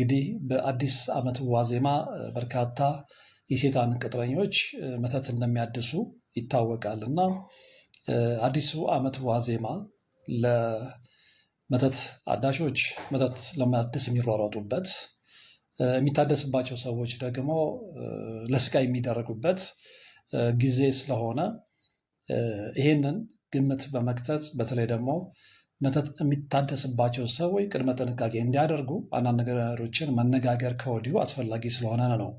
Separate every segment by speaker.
Speaker 1: እንግዲህ በአዲስ ዓመት ዋዜማ በርካታ የሴጣን ቅጥረኞች መተት እንደሚያድሱ ይታወቃል እና አዲሱ ዓመት ዋዜማ ለመተት አዳሾች መተት ለማደስ የሚሯሯጡበት፣ የሚታደስባቸው ሰዎች ደግሞ ለስቃይ የሚደረጉበት ጊዜ ስለሆነ ይህንን ግምት በመክተት በተለይ ደግሞ የሚታደስባቸው ሰዎች ቅድመ ጥንቃቄ እንዲያደርጉ አንዳንድ ነገሮችን መነጋገር ከወዲሁ አስፈላጊ ስለሆነ ነው።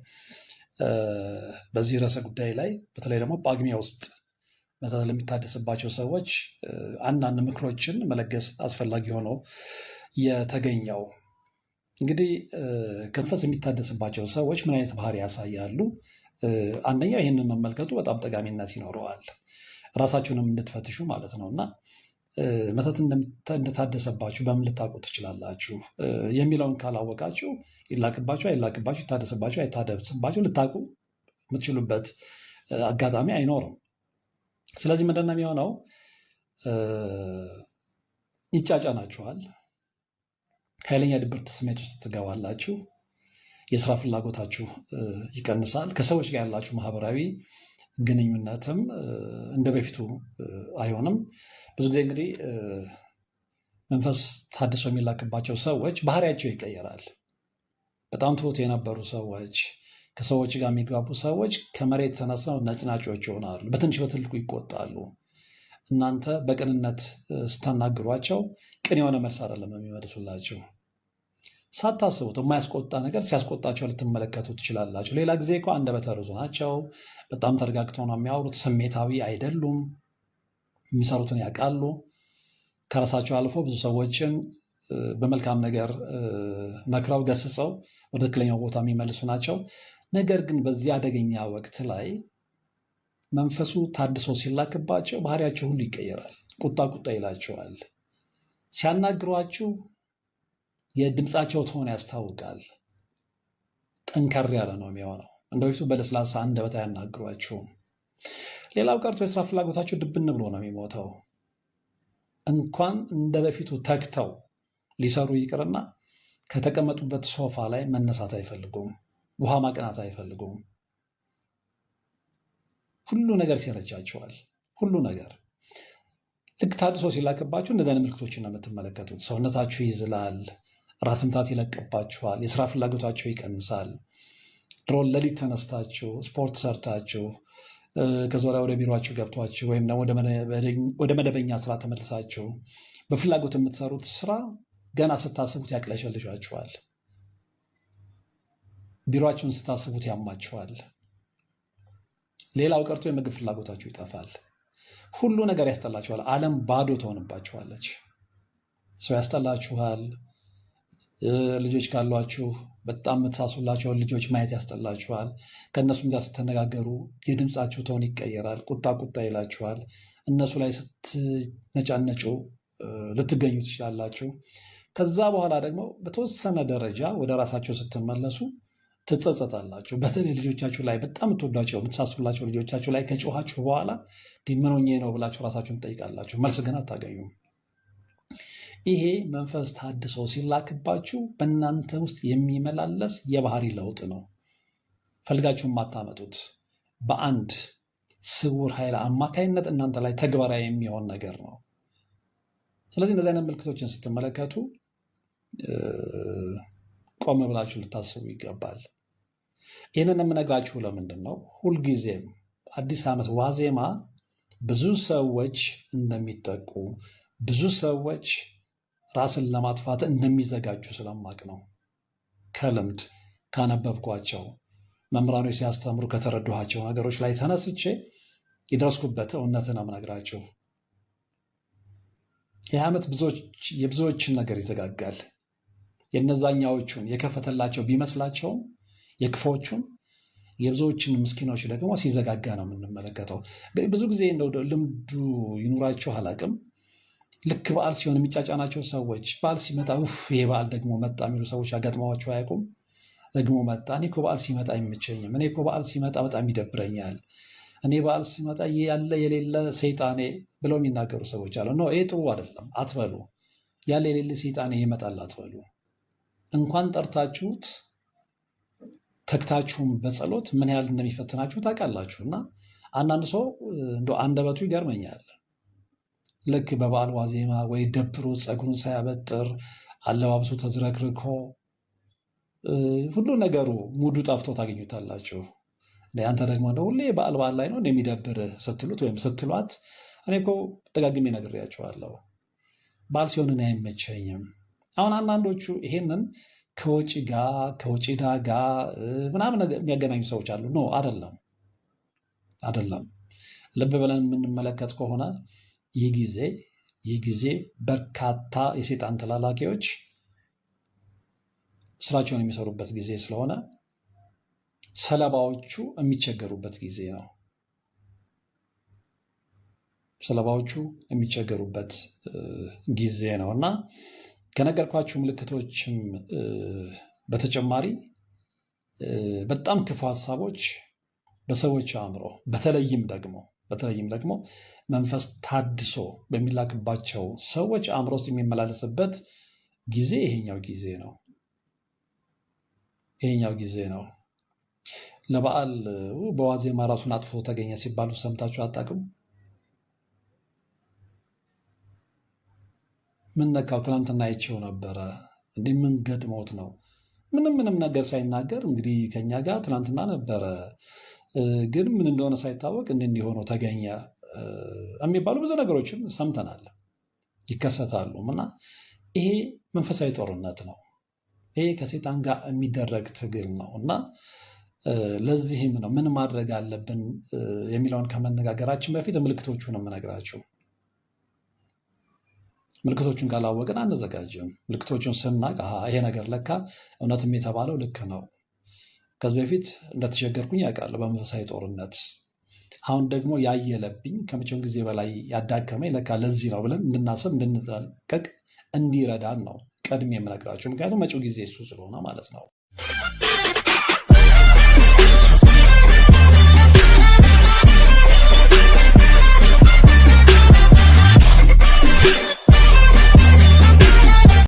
Speaker 1: በዚህ ርዕሰ ጉዳይ ላይ በተለይ ደግሞ ጳጉሜ ውስጥ መተት ለሚታደስባቸው ሰዎች አንዳንድ ምክሮችን መለገስ አስፈላጊ ሆኖ የተገኘው። እንግዲህ ክንፈስ የሚታደስባቸው ሰዎች ምን አይነት ባህሪ ያሳያሉ? አንደኛው ይህንን መመልከቱ በጣም ጠቃሚነት ይኖረዋል። ራሳችሁንም እንድትፈትሹ ማለት ነው እና መተት እንደታደሰባችሁ በምን ልታውቁ ትችላላችሁ? የሚለውን ካላወቃችሁ ይላክባችሁ አይላክባችሁ ይታደሰባችሁ አይታደስባችሁ ልታውቁ የምትችሉበት አጋጣሚ አይኖርም። ስለዚህ ምንድን ነው የሚሆነው? ይጫጫናችኋል። ኃይለኛ ድብርት ስሜት ውስጥ ትገባላችሁ። የስራ ፍላጎታችሁ ይቀንሳል። ከሰዎች ጋር ያላችሁ ማህበራዊ ግንኙነትም እንደ በፊቱ አይሆንም። ብዙ ጊዜ እንግዲህ መንፈስ ታድሶ የሚላክባቸው ሰዎች ባህሪያቸው ይቀየራል። በጣም ትሁት የነበሩ ሰዎች፣ ከሰዎች ጋር የሚግባቡ ሰዎች ከመሬት ተነስነው ነጭናጮች ይሆናሉ። በትንሽ በትልቁ ይቆጣሉ። እናንተ በቅንነት ስታናግሯቸው ቅን የሆነ መልስ አይደለም የሚመልሱላቸው። ሳታስቡት የማያስቆጣ ነገር ሲያስቆጣቸው ልትመለከቱ ትችላላችሁ። ሌላ ጊዜ እኮ አንደበተ ርቱዕ ናቸው፣ በጣም ተረጋግተው ነው የሚያወሩት፣ ስሜታዊ አይደሉም፣ የሚሰሩትን ያውቃሉ። ከራሳቸው አልፎ ብዙ ሰዎችን በመልካም ነገር መክረው ገስጸው ወደ ትክክለኛው ቦታ የሚመልሱ ናቸው። ነገር ግን በዚህ አደገኛ ወቅት ላይ መንፈሱ ታድሶ ሲላክባቸው ባህሪያቸው ሁሉ ይቀየራል። ቁጣ ቁጣ ይላቸዋል። ሲያናግሯችሁ የድምፃቸው ትሆን ያስታውቃል። ጠንከር ያለ ነው የሚሆነው። እንደ በፊቱ በለስላሳ አንደበት አያናግሯችሁም። ሌላው ቀርቶ የስራ ፍላጎታቸው ድብን ብሎ ነው የሚሞተው። እንኳን እንደ በፊቱ ተግተው ሊሰሩ ይቅርና ከተቀመጡበት ሶፋ ላይ መነሳት አይፈልጉም። ውሃ ማቅናት አይፈልጉም። ሁሉ ነገር ሲረጃቸዋል። ሁሉ ነገር ልክ ታድሶ ሲላክባችሁ እንደዚህ አይነት ምልክቶችን ነው የምትመለከቱት። ሰውነታችሁ ይዝላል፣ ራስ ምታት ይለቅባችኋል፣ የስራ ፍላጎታቸው ይቀንሳል። ድሮን ለሊት ተነስታችሁ ስፖርት ሰርታችሁ ከዚ ወደ ቢሮችሁ ገብቷችሁ ወይም ደግሞ ወደ መደበኛ ስራ ተመልሳችሁ በፍላጎት የምትሰሩት ስራ ገና ስታስቡት ያቅለሸልሻችኋል። ቢሮችሁን ስታስቡት ያማችኋል። ሌላው ቀርቶ የምግብ ፍላጎታችሁ ይጠፋል። ሁሉ ነገር ያስጠላችኋል። ዓለም ባዶ ትሆንባችኋለች። ሰው ያስጠላችኋል። ልጆች ካሏችሁ በጣም የምትሳሱላቸውን ልጆች ማየት ያስጠላችኋል። ከእነሱም ጋር ስተነጋገሩ የድምፃችሁ ተውን ይቀየራል። ቁጣ ቁጣ ይላችኋል። እነሱ ላይ ስትነጫነጩ ልትገኙ ትችላላችሁ። ከዛ በኋላ ደግሞ በተወሰነ ደረጃ ወደ ራሳቸው ስትመለሱ ትጸጸታላችሁ። በተለይ ልጆቻችሁ ላይ በጣም የምትወዷቸው የምትሳሱላቸው ልጆቻችሁ ላይ ከጮኋችሁ በኋላ ምን ሆኜ ነው ብላችሁ ራሳችሁን ትጠይቃላችሁ። መልስ ግን አታገኙም። ይሄ መንፈስ ታድሶ ሲላክባችሁ በእናንተ ውስጥ የሚመላለስ የባህሪ ለውጥ ነው። ፈልጋችሁም የማታመጡት በአንድ ስውር ኃይል አማካይነት እናንተ ላይ ተግባራዊ የሚሆን ነገር ነው። ስለዚህ እንደዚህ አይነት ምልክቶችን ስትመለከቱ ቆም ብላችሁ ልታስቡ ይገባል። ይህንን የምነግራችሁ ለምንድን ነው? ሁልጊዜም አዲስ ዓመት ዋዜማ ብዙ ሰዎች እንደሚጠቁ ብዙ ሰዎች ራስን ለማጥፋት እንደሚዘጋጁ ስለማቅ ነው። ከልምድ ካነበብኳቸው መምህራኖች ሲያስተምሩ ከተረድኋቸው ነገሮች ላይ ተነስቼ የደረስኩበት እውነትን አምናግራችሁ። ይህ ዓመት የብዙዎችን ነገር ይዘጋጋል። የነዛኛዎቹን የከፈተላቸው ቢመስላቸውም የክፎቹን የብዙዎችን ምስኪኖች ደግሞ ሲዘጋጋ ነው የምንመለከተው። ብዙ ጊዜ እንደው ልምዱ ይኑራችሁ አላቅም ልክ በዓል ሲሆን የሚጫጫናቸው ሰዎች በዓል ሲመጣ ይሄ በዓል ደግሞ መጣ የሚሉ ሰዎች አጋጥመዋቸው አያውቁም? ደግሞ መጣ፣ እኔ እኮ በዓል ሲመጣ አይመቸኝም፣ እኔ እኮ በዓል ሲመጣ በጣም ይደብረኛል፣ እኔ በዓል ሲመጣ ያለ የሌለ ሰይጣኔ ብለው የሚናገሩ ሰዎች አለ። ኖ ይህ ጥሩ አይደለም አትበሉ። ያለ የሌለ ሰይጣኔ ይመጣል አትበሉ። እንኳን ጠርታችሁት ተግታችሁም በጸሎት ምን ያህል እንደሚፈትናችሁ ታውቃላችሁ። እና አንዳንድ ሰው እንደ አንደበቱ ይገርመኛል። ልክ በበዓል ዋዜማ ወይ ደብሮ ፀጉሩን ሳያበጥር አለባበሱ ተዝረክርኮ ሁሉ ነገሩ ሙዱ ጠፍቶ ታገኙታላችሁ። አንተ ደግሞ እንደ ሁሌ በዓል በዓል ላይ ነው የሚደብር ስትሉት ወይም ስትሏት፣ እኔ እኮ ደጋግሜ ነግሬያቸዋለሁ፣ በዓል ሲሆን እኔ አይመቸኝም። አሁን አንዳንዶቹ ይሄንን ከወጪ ጋር ከወጪ ጋር ምናምን የሚያገናኙ ሰዎች አሉ። ኖ አይደለም፣ አይደለም። ልብ ብለን የምንመለከት ከሆነ ይህ ጊዜ ይህ ጊዜ በርካታ የሴጣን ተላላኪዎች ስራቸውን የሚሰሩበት ጊዜ ስለሆነ ሰለባዎቹ የሚቸገሩበት ጊዜ ነው። ሰለባዎቹ የሚቸገሩበት ጊዜ ነው እና ከነገርኳችሁ ምልክቶችም በተጨማሪ በጣም ክፉ ሀሳቦች በሰዎች አእምሮ በተለይም ደግሞ በተለይም ደግሞ መንፈስ ታድሶ በሚላክባቸው ሰዎች አእምሮ ውስጥ የሚመላለስበት ጊዜ ይሄኛው ጊዜ ነው። ይሄኛው ጊዜ ነው። ለበዓል በዋዜማ ራሱን አጥፎ ተገኘ ሲባሉ ሰምታችሁ አጣቅም ምን ነካው? ትናንትና አይቼው ነበረ። እንዲህ ምን ገጥሞት ነው? ምንም ምንም ነገር ሳይናገር እንግዲህ ከኛ ጋር ትናንትና ነበረ ግን ምን እንደሆነ ሳይታወቅ እንዲህ እንዲሆነው ተገኘ የሚባሉ ብዙ ነገሮችን ሰምተናል፣ ይከሰታሉ እና ይሄ መንፈሳዊ ጦርነት ነው። ይሄ ከሴጣን ጋር የሚደረግ ትግል ነው እና ለዚህም ነው ምን ማድረግ አለብን የሚለውን ከመነጋገራችን በፊት ምልክቶቹን የምነግራቸው። ምልክቶቹን ካላወቅን አንዘጋጅም። ምልክቶቹን ስናቅ ይሄ ነገር ለካ እውነትም የተባለው ልክ ነው ከዚ በፊት እንደተቸገርኩኝ ያውቃለሁ በመንፈሳዊ ጦርነት። አሁን ደግሞ ያየለብኝ ከመቼውም ጊዜ በላይ ያዳከመኝ ለካ ለዚህ ነው ብለን እንድናሰብ እንድንጠነቀቅ እንዲረዳን ነው ቀድሜ የምነግራቸው። ምክንያቱም መጪው ጊዜ እሱ ስለሆነ ማለት ነው።